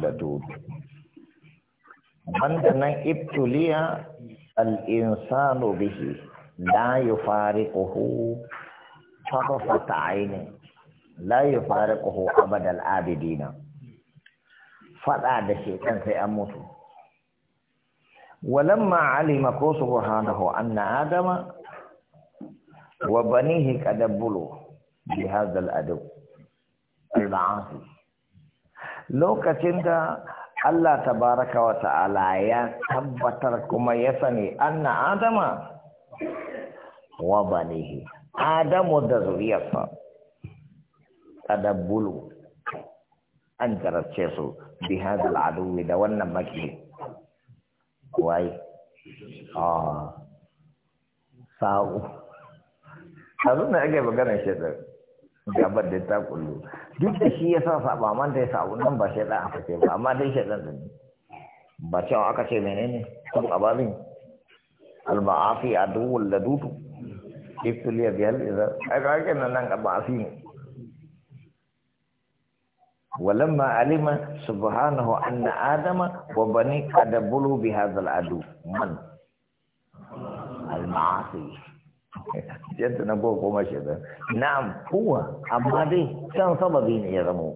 da dubi banda nan ibtuliya al'insanu bihi la yufariquhu tarfata aini la yufariquhu abadal abidina fada da shekan sai an mutu walamma alima ko subhanahu anna adama wa banihi qadabbulu bi hadha al-adab al-ma'asi lokacin da Allah tabaraka wa ta'ala ya tabbatar kuma ya sani anna adama wa banihi adamu da zuriyarsa tadabbulu an jarabce su bi hadal aduwi da wannan maki wai a sa'u a zuna ake maganar shaidar gabar da ta kullu duk da shi ya sa saba man da ya sabu nan ba shi da aka ce ba amma dai shi da ne ba cewa aka ce menene sun ababin al-ma'afi aduwwul ladutu ya bihal idza aka ga nan nan ma'afi ne ولما علم سبحانه أن آدم وبني قد بلوا بهذا العدو من المعاصي yadda na ko kuma shi da amma dai sababi ne ya zamo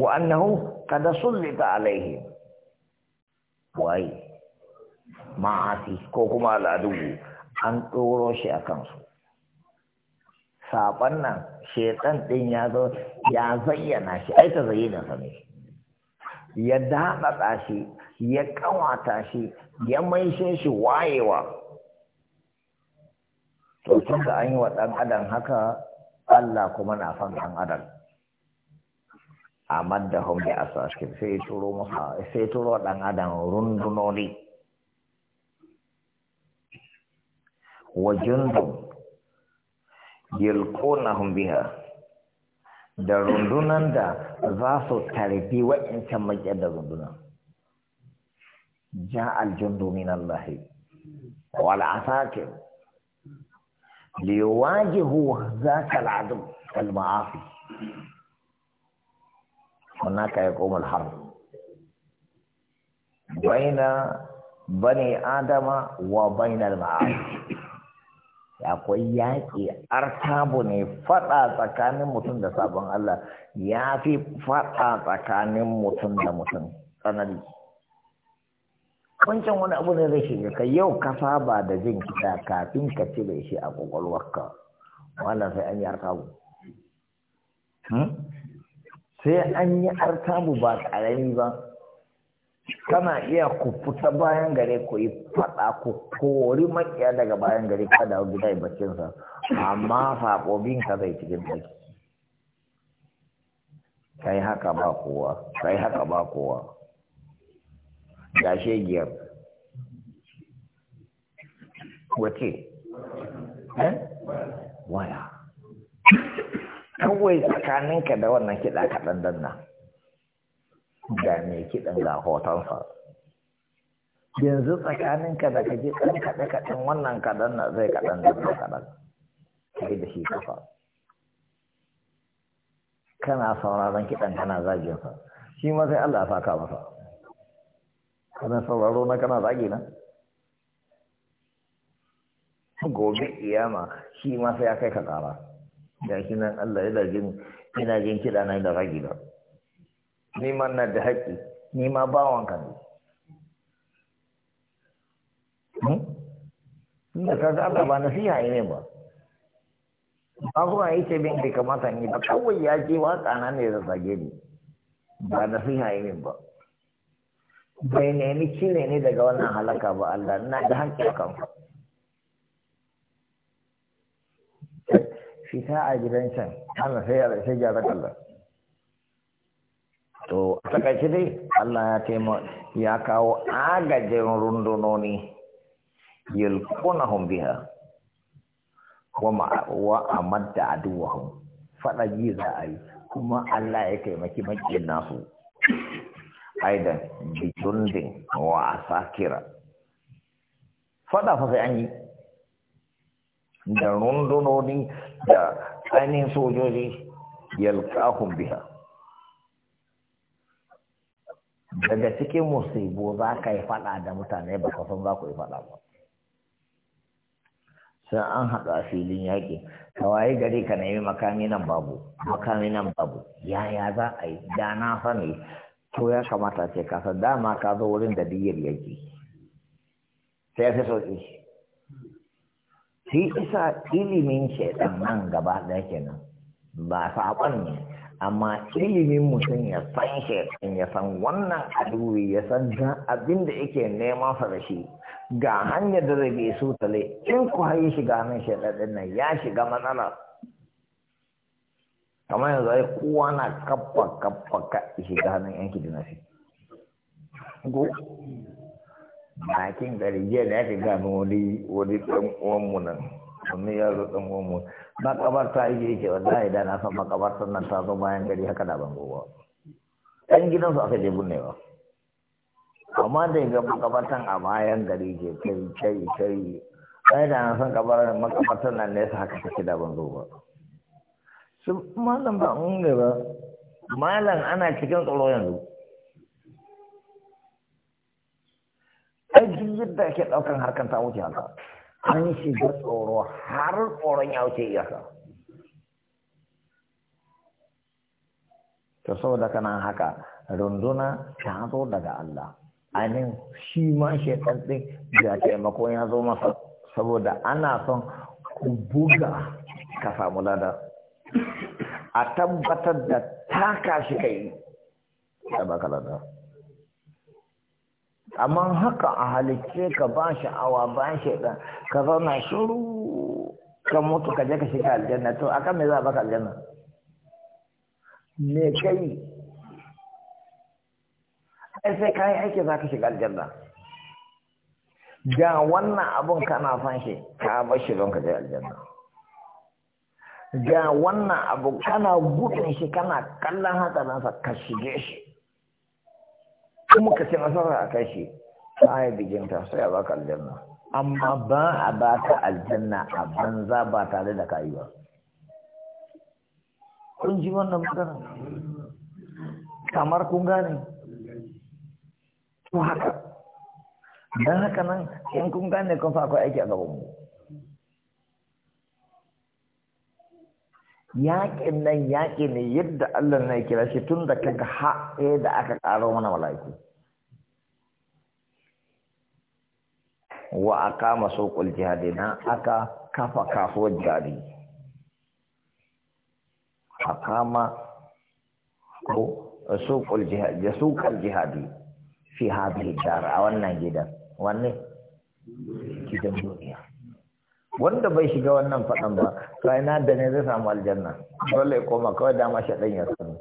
wa annahu sun sullita alaihi wai ma'asi ko kuma al'adu an tsoro shi a kansu saban nan shekan ɗin ya zo ya zayyana shi ai ta zayyana sa ne ya daɗaɗa shi ya kawata shi ya maishe shi wayewa tunda an yi wa ɗan adam haka Allah kuma na son ɗan adam a madda hum a asaskin sai turo masa sai turo ɗan adam rundunoni wa jundum yulqunahum biha da rundunan da za su tarbi wa'incan maƙiyar da rundunan ja aljundu min Allah wal asakir ليواجهوا ذاك العدو al هناك يقوم الحرب بين بني آدم وبين المعاصي akwai yaƙi artabu ne faɗa tsakanin mutum da sabon Allah ya fi faɗa tsakanin mutum da mutum tsanani wancan wani abu ne zai shiga ka yau ka saba da jin kiɗa kafin ka cire shi a ƙwaƙwalwarka wannan sai an yi artabu hmm? sai an yi arkabu ba ƙarami ba kana iya ku fita bayan gare ku yi faɗa ku kori makiya daga bayan gare ka da gida yi bakinsa amma saɓobin ka zai cikin ɗaki kai haka ba kowa kai haka ba kowa gashe giyar wace eh? waya kawai tsakaninka da wannan kiɗa kaɗan danna ga mai kiɗan ga hotonsa yanzu tsakaninka da ji ɗan kaɗe-kaɗen wannan kaɗan na zai kaɗan danna kaɗan kai da shi kafa kana sauraron kiɗan kana zaginsa shi ma sai Allah ya saka masa kana sauraro na kana zagi na gobe iyama shi ma sai ya kai ka kara. da shi nan Allah yana jin ina jin kiɗa na da zagi na ni ma na da haƙƙi ni ma bawan ka ne hmm? da ka ga Allah ba nasiha ne ba ba kuma yi ce bin bai kamata ni ba kawai ya je waƙa na ne da zage ni ba nasiha ne ba bai nemi cire ne daga wannan halaka ba Allah na da hankali kan fita a gidan can ana sai ya sai gyara kallon to a takaice dai Allah ya taimo ya kawo agajin rundunoni yulqunahum biha wa amadda aduwahum fada ji za a yi kuma Allah ya taimaki makin nasu aidan bijundin wa asakira fada fa sai an yi da rundunoni da ainihin sojoji yalqahum biya daga cikin musibo za ka yi fada da mutane ba kasan za ku yi fada ba sai an haɗu a filin yaƙi tawaye gari ka nemi makami nan babu makami babu yaya za a yi da na sani to ya kamata ce ka dama ka zo wurin da diyar yake sai ya so shi shi isa ilimin shaidan nan gaba ɗaya kenan ba saɓon ne amma ilimin mutum ya san shaidan ya san wannan aduwi ya san abin da yake neman farashi. da shi ga hanyar da zai su tale in ku har shiga hannun shaidan nan ya shiga matsalar kamar yanzu ai kowa na kappa kappa ka shiga hannun yanki da nasi go bakin gari jiya da ya fi gano wani wani uwan mu nan wani yaro ɗan uwanmu makabarta yake yake wallahi da na san makabartar nan ta zo bayan gari haka da ban gobe ɗan gidansu aka je ba amma da ga makabartan a bayan gari ke kai kai kai ai da na san makabartar nan nesa haka take da ban zo ba su malam ba mun ba malam ana cikin tsoro yanzu ai duk yadda ake ɗaukan harkan ta wuce haka an shiga tsoro har tsoron ya wuce iyaka to saboda kana haka runduna ta daga Allah anin shi ma shaitan ɗin da taimako ya zo masa saboda ana son ku buga ka samu lada a tabbatar da taka shi kai da baka lada amma haka a halicce ka ba sha'awa ba shaidan ka zauna shiru ka mutu ka je ka shiga aljanna to a kan me za a baka aljanna me kai ai sai kayan aiki za ka shiga aljanna ga wannan abun kana fanshe, ka bar shi don ka je aljanna ga wannan abu kana gudun shi kana kallon hatsarinsa ka shige shi kuma ka ce nasarar a kai shi ta yi ta sai a ba ka aljanna amma ba a ba ka aljanna a banza ba tare da kayuwa. kun ji wannan magana kamar kun gane to haka don haka nan in kun gane kun fa akwai aiki a gabanmu yaƙin nan yaƙi ne yadda Allah na kira shi tun da kaga ha da aka ƙaro mana mala'iku wa aqama suqul jihadi na aka kafa kasuwar jihadi aqama ko suqul jihadi jihadi fi hadhihi dar a wannan gidan wanne gidan duniya wanda bai shiga wannan faɗan ba to na da ne zai samu aljanna dole ya koma kawai dama shi ɗan ya sani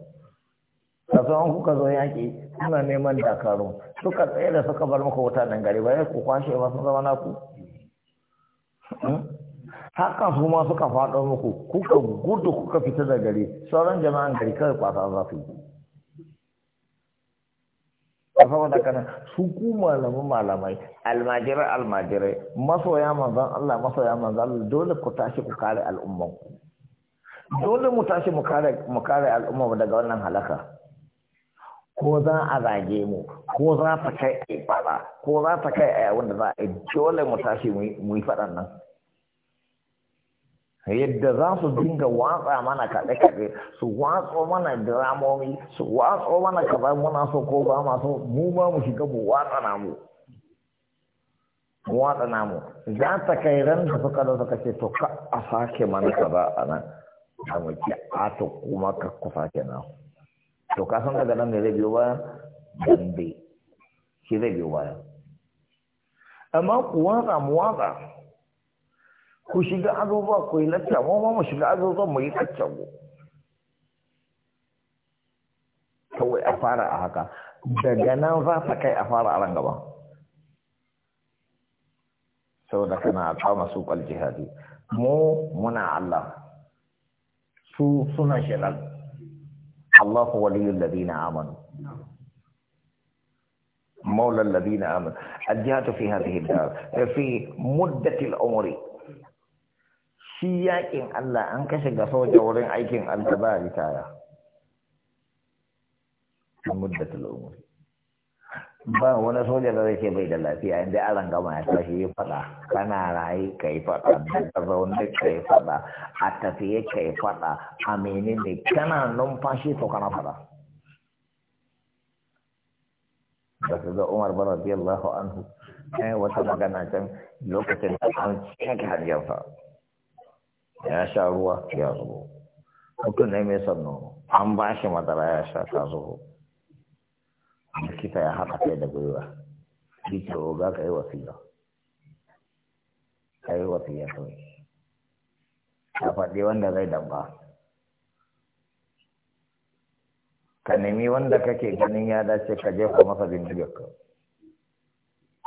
sassan kuka zo yaƙi suna neman dakaru suka tsaye da suka bar muku wuta nan gari ba ku kwashe ba sun zama naku hmm? haka su ma suka faɗo muku kuka gudu kuka fita da gari sauran jama'an gari kawai kwasa za su yi a saboda kana su ku malamu malamai almajirai almajirai masoya manzan Allah masoya manzan Allah dole ku tashi ku kare al'umman ku dole mu tashi mu kare mu kare al'umma daga wannan halaka ko za a zage mu ko za ta kai a ko za ta kai a da za a dole mu tashi mu yi faɗan nan yadda za su dinga watsa mana kaɗe-kaɗe su watso mana dramomi su watso mana kaza muna so ko ba ma so mu ba mu shiga mu watsa namu mu watsa namu za ta kai ran da suka da suka ce to ka a sake mana kaza a nan a mace a to kuma ka ku sake na to ka san daga nan ne zai biyo baya dambe shi zai biyo baya amma ku watsa mu watsa ku shiga azuzuwa ku yi lacca mu ma mu shiga azuzuwa mu yi lacca mu kawai a fara a haka daga nan za ta kai a fara a ran gaba da kana a kama su jihadi mu muna Allah su suna shirar Allahu waliyul ladina amanu مولى الذين امنوا الجهاد في هذه الدار في مده العمر shi yaƙin Allah an kashe ga soja wurin aikin Allah ba ritaya a muddatul ba wani soja da zai bai da lafiya inda aran gama ya tashi yi fada kana rayu ka yi fada da zaune ka yi fada a tafiye ka yi fada a menene kana numfashi to kana fada da su da umar ba radiyallahu anhu kai eh, wata magana can lokacin da an cika hanyar fa. ya sha ruwa ya zubo mutum ne mai sannu nono an ba shi madara ya sha ta zubo likita ya haɗa kai da gwiwa shi ce oga ka yi wasiya ka yi wasiya kawai ka faɗi wanda zai damba ka nemi wanda kake ganin ya dace ka jefa masa bindigar ka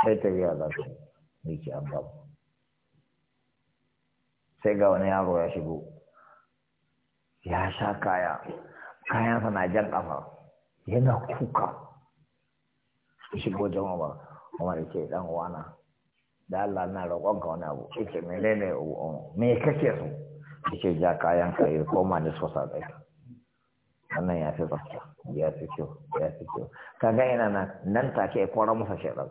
sai biya za ka yi ki an babu sai ga wani yaro ya shigo ya sha kaya kayansa na jan ƙafa yana kuka su shigo jan umar umar ce dan wana da Allah na ka wani abu ce menene me kake so ce ja kayan ka yi koma ne da ita wannan ya fi tsafta ya fi kyau ya fi kyau kaga yana nan nan take kora masa shaidan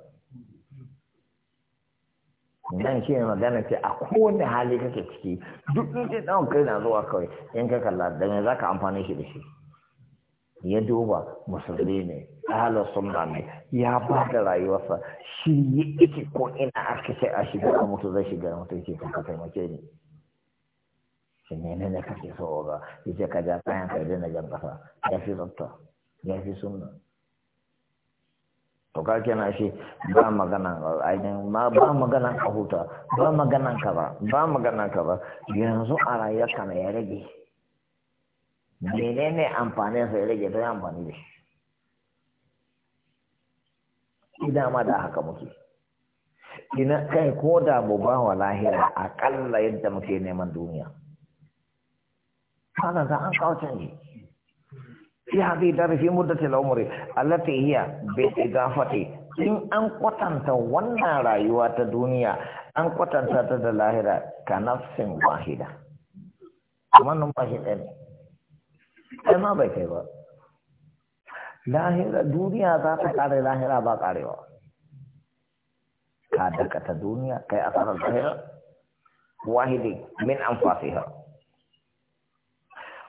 dan shi ne magana ce a kowane hali kake ciki duk inda ɗan kai na zuwa kawai in ka kalla da me za ka amfani shi da shi ya duba musulmi ne ahalar sunna ne ya ba da rayuwarsa shi ya iki ko ina aka ce a shiga a mutu zai shiga mutu ce ka taimake ni shi ne ne kake so ga ita ka ja kayan kai da na jan ya fi tsafta ya fi sunna to ka na shi ba magana ainihin ba magana ka huta ba magana ka ba ba magana ka ba yanzu a rayuwarka na ya rage menene amfanin sa ya rage ta amfani da shi idan ma da haka muke ina kai ko da mu ba wa lahira akalla yadda muke neman duniya haka za an kawo canji fi ta fi muddati al-umri allati hiya bi idafati in an kwatanta wannan rayuwa ta duniya an kwatanta ta da lahira ka nafsin wahida Kuma numfashi ɗaya ne kai ma bai kai ba lahira duniya za ta kare lahira ba karewa ka dakata duniya kai asarar lahira wahidi min an fasihar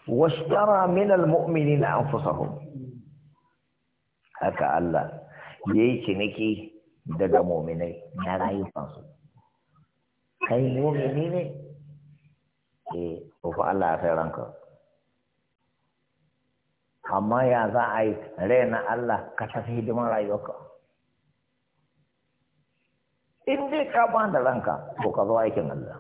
washtara min almu'minina anfusahum haka Allah yayi ciniki daga mu'minai na rayukansu kai mu'mini ne eh ko Allah ya sai ranka amma ya za a yi raina Allah ka tafi hidimar rayuwarka in dai ka ba da ranka to ka zo aikin Allah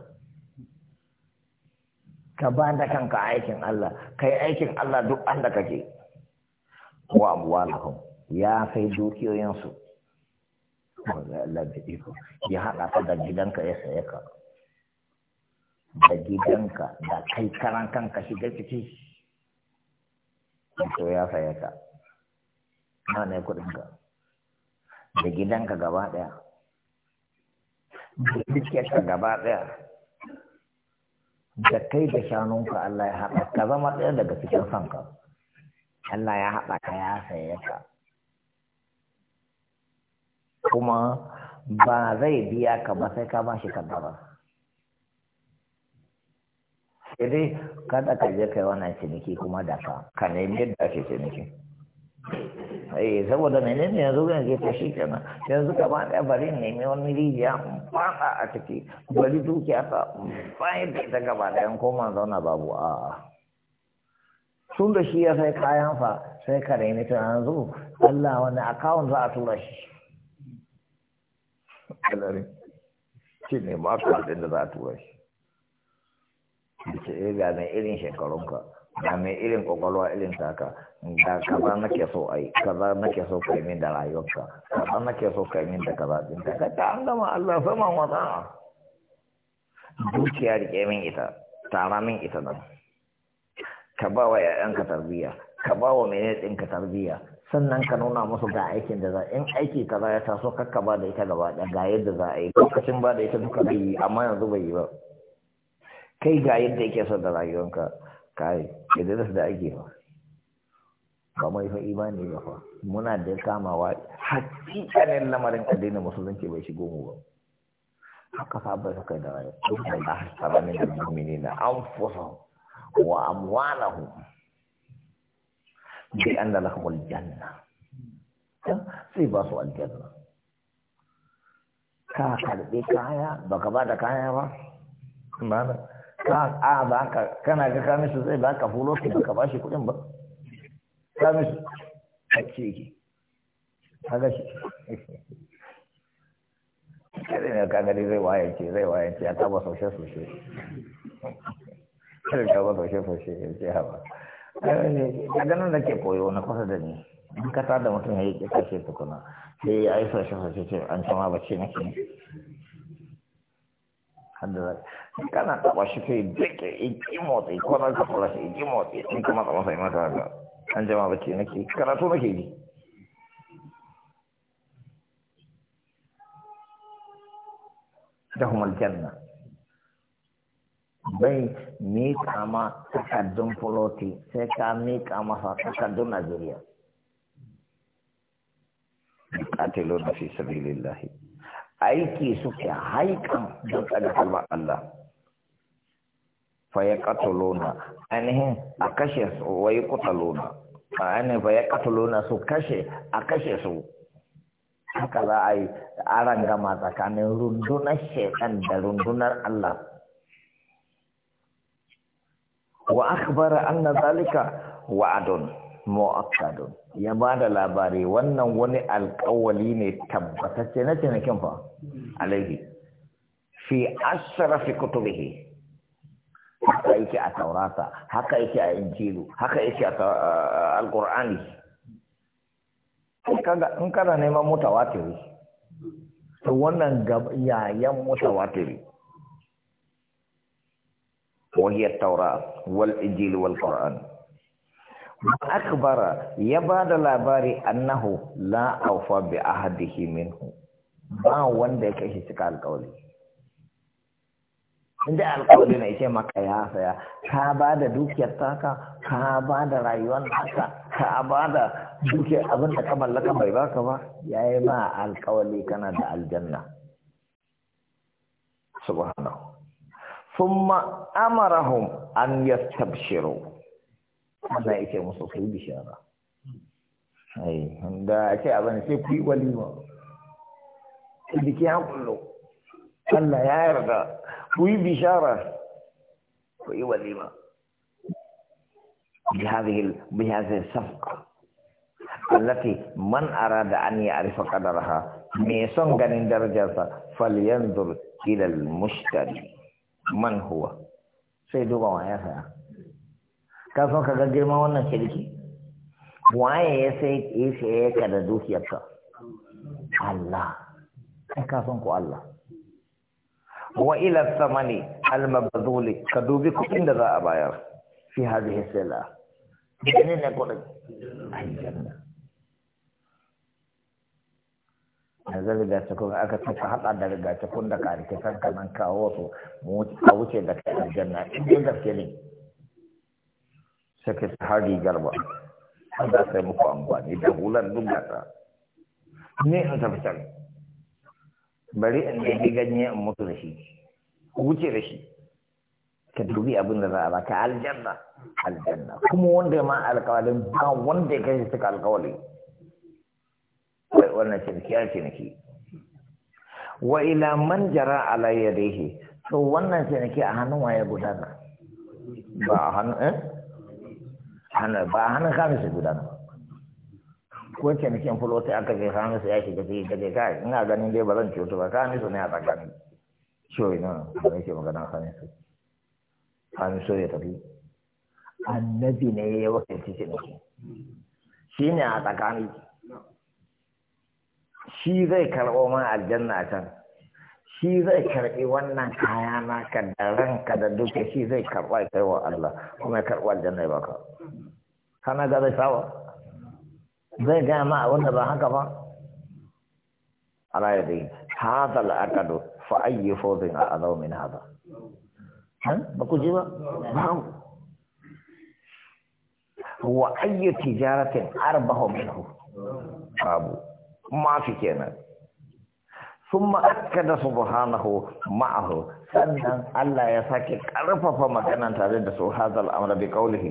ka ba da kanka aikin Allah kai aikin Allah duk an da kake wa amwalahum ya kai dukiyoyinsu ya haɗa ka da gidanka ya saye ka da gidanka da kai karan kanka shiga ciki to ya saye ka na ne ka. da gidanka gaba ɗaya da ka gaba ɗaya da kai da shanunka Allah ya haɗa ka zama ɗaya daga cikin sanka Allah ya haɗa ka ya saye ka kuma ba zai biya ka ba sai ka bashi kaddara sai dai kada ka je kai wannan ciniki kuma da ka ka nemi yadda ake ciniki saboda eh, saboda menene yanzu zan je ta shi kenan yanzu gaba ɗaya bari nemi wani rijiya ba fada a ciki bari dukiya ta bayan da ita gaba yan koma zauna babu A. sun da shi ya sai kayan fa sai ka raini ta yanzu Allah wani akawun za a tura shi kalari shi ne akawun da za a tura shi da ce eh, irin shekarunka Na mai irin kwakwalwa irin taka da kaza nake so ai kaza nake so kai min da rayuwarka kaza nake so yi min da kaza din ka ta an gama Allah sama wata dukiya rike min ita tara min ita nan ka ba wa ƴaƴanka tarbiyya ka ba wa mene ɗinka tarbiyya sannan ka nuna musu ga aikin da za in aiki kaza ya taso kakka ba da ita gaba ɗaya ga yadda za a yi lokacin ba da ita duka bai yi amma yanzu bai yi ba kai ga yadda yake so da rayuwarka kai idris da ake ba ba mai fa imani ba fa muna da kamawa hakikanin lamarin addinin musulunci bai shigo mu ba haka ba suka da wani duk da Allah sabani da mu'mini na an fusa wa amwanahu bi anna lahum aljanna sai ba su aljanna ka karbe kaya baka ba da kaya ba mana ka a ba ka kana ga kamishi zai ba ka fulo ki ka bashi shi kuɗin ba kamishi a ce ki kaga shi kada ne kaga dai zai waye ce zai waye ce ta ba sosai sosai kada ta ba sosai sosai ya ce hawa daga nan da ke koyo na kusa da ni in ka tada mutum ya yi kashe tukuna sai ya yi sosai sosai ce an sama ba ce nake ne kana taɓa shi sai dake iki motsi ko na ka kula shi iki motsi in kuma tsama sai maka haka an jama bace nake karatu nake yi dahum aljanna bai miƙa ma takardun fuloti sai ka miƙa masa takardun najeriya قاتلون في سبيل الله أيكي سكي هايكم دون أدخل Allah. faya katolona ainihin a kashe su wai kutalona a ainihin faya su kashe a kashe su haka za a yi aran gama tsakanin rundunar shekan da rundunar Allah wa akbara anna zalika wa'adun mu'akkadun ya ba da labari wannan wani alkawali ne tabbatacce na cinikin fa alaihi fi ashrafi kutubihi haka yake a taurasa haka yake a injilu haka yake a alkur'ani in kana neman mutawa tare to wannan yayan mutawa tare wahi taura wal injilu wal qur'an akbara ya ba da labari annahu la aufa bi ahadihi minhu ba wanda ya kashi cika alkawari inda alƙawari na ce maka ya saya ka ba da dukiyar taka ka ba da rayuwar taka ka ba da dukiyar abin da ka mallaka bai baka ba ya yi ma alƙawari kana da aljanna subhanahu summa amarahum an yastabshiru Allah yake musu su bishara ai da ake abin sai ku yi walima biki ya kullu Allah ya yarda ku yi bishara ku yi walima bihazihil bihazihil safqa allati man arada an ya'rifa qadaraha me son ganin darajarsa falyanzur ila al-mushtari man huwa sai duba wa ya saya ka son ka ga girman wannan shirki waye ya sai ya sai ka da dukiyarka Allah kai ka son ku Allah وإلى الثمن المبذول كدوبي كتند ذا أباير في هذه السلة جنين يقول أي جنة هذا اللي قاعد تقول أك تفحط عندك قاعد تقول لك عارف كيف أنك من كأوتو مو كأوتو لك الجنة إيه ده كلين سكت هذي قلبه هذا سمو قانقان إذا بولن دم جاتا نه هذا بتاعي bari in ɗaiɗi ganye in mutu da shi wuce da shi ka dubi abin da za a baka aljanna aljanna kuma wanda ma alkawalin ba wanda ya kai suka alkawali wannan cinikiya ciniki wa ila man jara ala yadihi to wannan ciniki a hannun waye gudana ba a hannun eh hannun ba a hannun kamisu gudana ko ce ni an fulo sai aka je sami su ya shiga sai ka je ina ganin dai ba zan to ba ni su ne a tsakanin shoyi na da nake magana sami su sami so ya tafi annabi ne ya wakilci ci ne shi ne a tsakani shi zai karɓo ma aljanna a can shi zai karɓi wannan kaya ka da ranka da duke shi zai karɓa ya kai wa Allah kuma ya karɓa aljanna ya baka kana ga zai sawa zai gaya ma a wanda ba haka ba ala yadda hada al'akadu fa ayyi fawzin a azau min hada ba ku ji ba ba wa ayyi tijaratin arbahu minhu babu ma fi kenan ثم أكد سبحانه معه سنن الله يساك قرفف مكانا تاريد هذا bi بقوله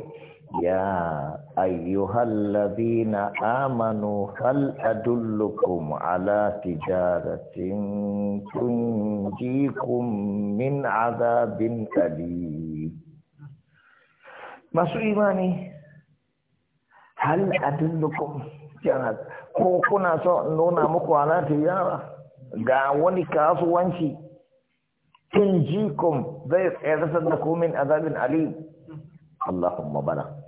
يا أيها الذين آمنوا هل أدلكم على تجارة تنجيكم من عذاب أليم masu imani hal adullukum jihad ko kuna so nuna muku ala tijara ga wani kasuwanci tunjikum zai tsayar da komin min azabin alim Allahumma bala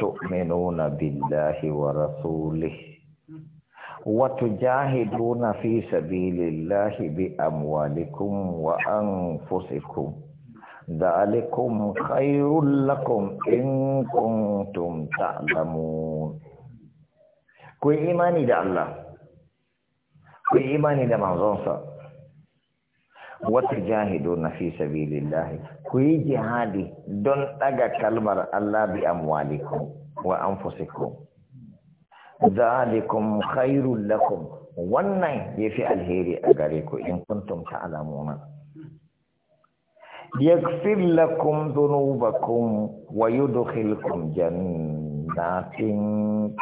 تؤمنون بالله ورسوله وتجاهدون في سبيل الله بأموالكم وأنفسكم ذلكم خير لكم إن كنتم تعلمون كل إيماني ده الله كل إيماني ده منظر wata jahidu na fi sabilillahi ku yi jihadi don daga kalmar Allah bi amwalikum wa anfusikum zalikum khairul lakum wannan yafi alheri a gare ku in kuntum ta'lamuna yaghfir lakum dhunubakum wa yudkhilkum jannah جنات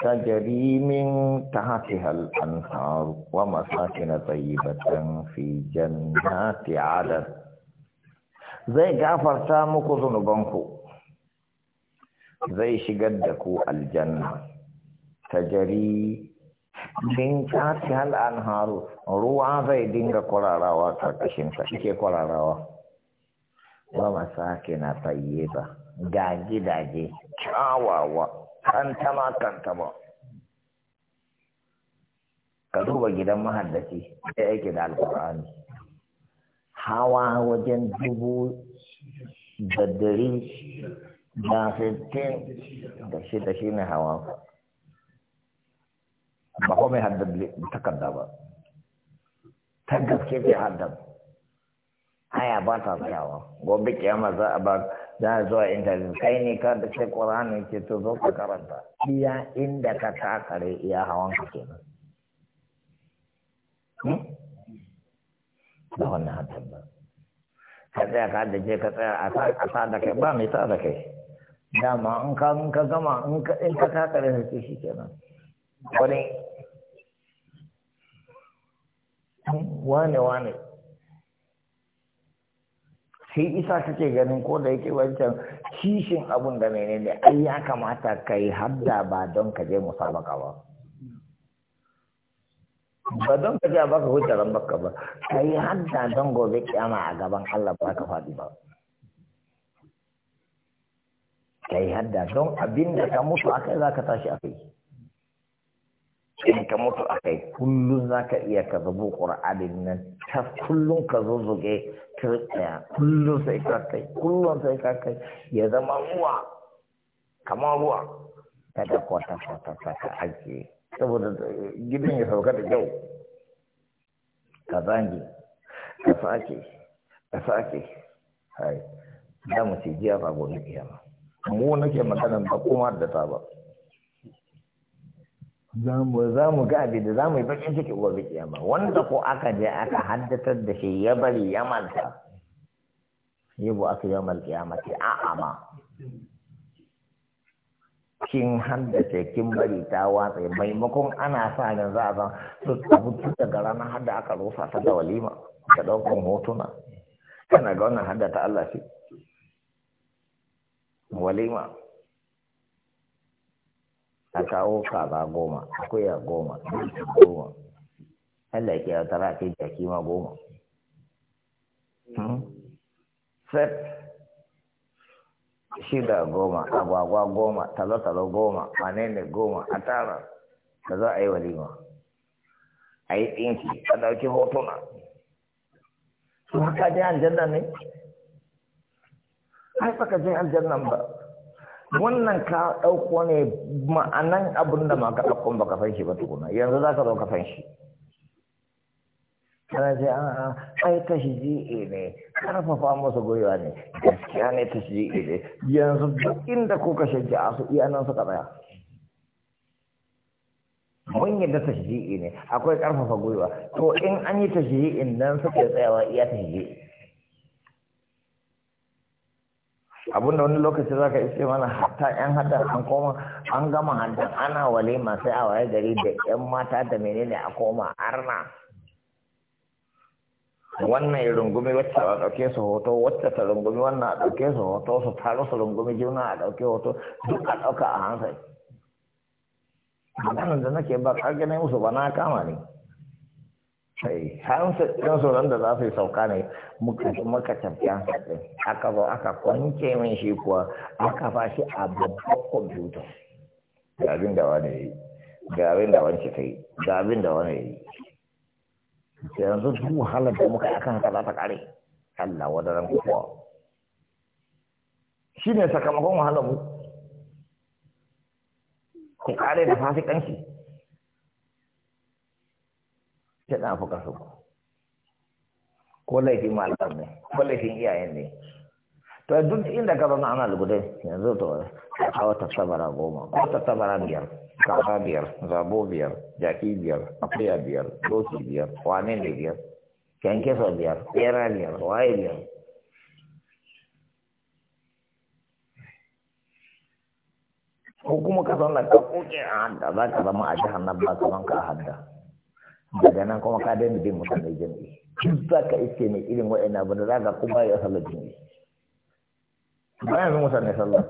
تجري من تحتها الأنهار ومساكن طيبة في جنات عدن zai gafarta muku zunubanku zai shigar da ku aljanna tajari min tafi hal anharu ruwa zai dinga kwararawa karkashin ta ke kwararawa wa masakina tayyiba ga gidaje kyawawa kantama kantama ka duba gidan mahaddaci ya yake da alkur'ani hawa wajen dubu da dari da sittin da da shi ne hawa ba kuma mai da takarda ba ta gaske ce haddad haya ba ta tsayawa gobe kiyama za a ba za zuwa interview kai ne ka da sai qur'ani ke to zo ka karanta iya inda ka takare iya hawan ka nan da hmm? wannan hatar ba ka tsaya ka da je ka tsaya a sa da kai ba mai sa da kai dama in ka in ka gama in ka in ka takare ne ce nan wani hmm? wane wane sai isa ce ganin ko da yake wancan kishin abun da menene ai ya kamata ka yi hadda ba don ka je musabaka ba ba don ka je baka huce ran baka ba ka yi hadda don gobe kyama a gaban Allah ba ka faɗi ba ka yi hadda don abin da ka mutu akai za ka tashi akai in ka mutu a kai kullum za ka iya ka zabo ƙura'anin nan ta kullum ka zuzzuge kirkiya kullum sai ka kai kullum sai ka kai ya zama ruwa kamar ruwa ta da kwata kwata ta ka ajiye saboda gidan ya sauka da kyau ka zange ka sake ka sake hai za mu ce jiya ba gobe kiyama mu nake maganan ba kuma da ta ba za mu ga abin da za mu yi bakin ciki gobe kiyama wanda ko aka je aka haddatar da shi ya bari ya manta bu aka yi mal a'a ma kin haddace kin bari ta watsa maimakon ana sa ran za a zan su tabu tun daga ranar hadda aka rufa ta da walima da daukan hotuna kana ga wannan haddata Allah ce walima a kawo kaza goma akuya goma goma Allah ya kiyar tara ke jaki ma goma hmm? set shida goma agwagwa goma talotalo goma manene goma a tara da za a yi walima a yi tsinki a ɗauki hotuna su haka je aljanna ne ai baka je aljannan ba wannan ka ɗauko ne ma'anan abin da ma ka ɗauko ba ka san shi ba tukuna yanzu za ka zo ka san shi kana sai an a ai tashji'i ne karfafa musu gwiwa ne gaskiya ne tashji'i ne yanzu duk inda ko kuka shajja'a su iya nan suka tsaya mun yi da yadda tashji'i ne akwai karfafa gwiwa to in an yi ta shi tashji'in nan suke tsayawa iya ta shi tashji'i abinda wani lokaci za ka ishe mana hatta yan haddar an koma an gama haddar ana wale sai a waye gari da yan mata da menene a koma arna wannan rungumi wacce a ɗauke su hoto wacce ta rungumi wannan a ɗauke su hoto su taru su rungumi juna a ɗauke hoto duk a ɗauka a A maganin da nake ba ƙarƙe ne musu ba na kama ne sai hansa sauran da za su yi sauka ne muka ji maka tafiyan haɗin aka zo aka kwance min shi kuwa aka ba shi a babban kwamfuta ga abin da wani yi ga abin da wani ta yi ga abin da wani yi yanzu duk wahalar da muka yi akan haka za ta kare Allah daren kuwa shi ne sakamakon wahalar mu ku kare da fasikanci sai ɗan fuka su ko laifin malam ne ko laifin iyayen ne to duk inda ka zama ana dai, yanzu to hawa ta sabara goma ko ta sabara biyar kaza biyar zabo biyar jaki biyar akuya biyar doki biyar wane ne biyar kyankesa biyar tsera biyar waye biyar ko kuma ka zauna ka ƙoƙe a hada, za ka zama a jihar nan ba ka a hadda daga nan kuma ka daina bin mutane jami'i duk za ka iske ne irin wa'in abu da za ka kuma ya sallar jami'i ba ya bin mutane sallar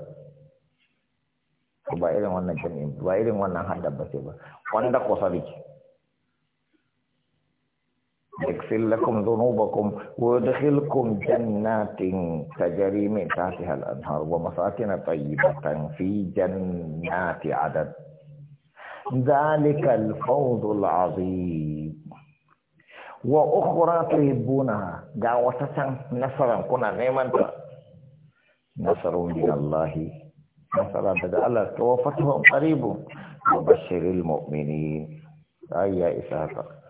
ba irin wannan jami'i ba irin wannan haddar ba ce ba wanda ko sari يغفر لكم ذنوبكم ويدخلكم جنات تجري من تحتها الأنهار ومساكن طيبة في جنات عدن ذلك الفوز العظيم وأخرى تحبونها دعوة نصرا كنا نيمان نصر من الله نصر بدأ الله وفتح قريب وبشر المؤمنين أي إسحاق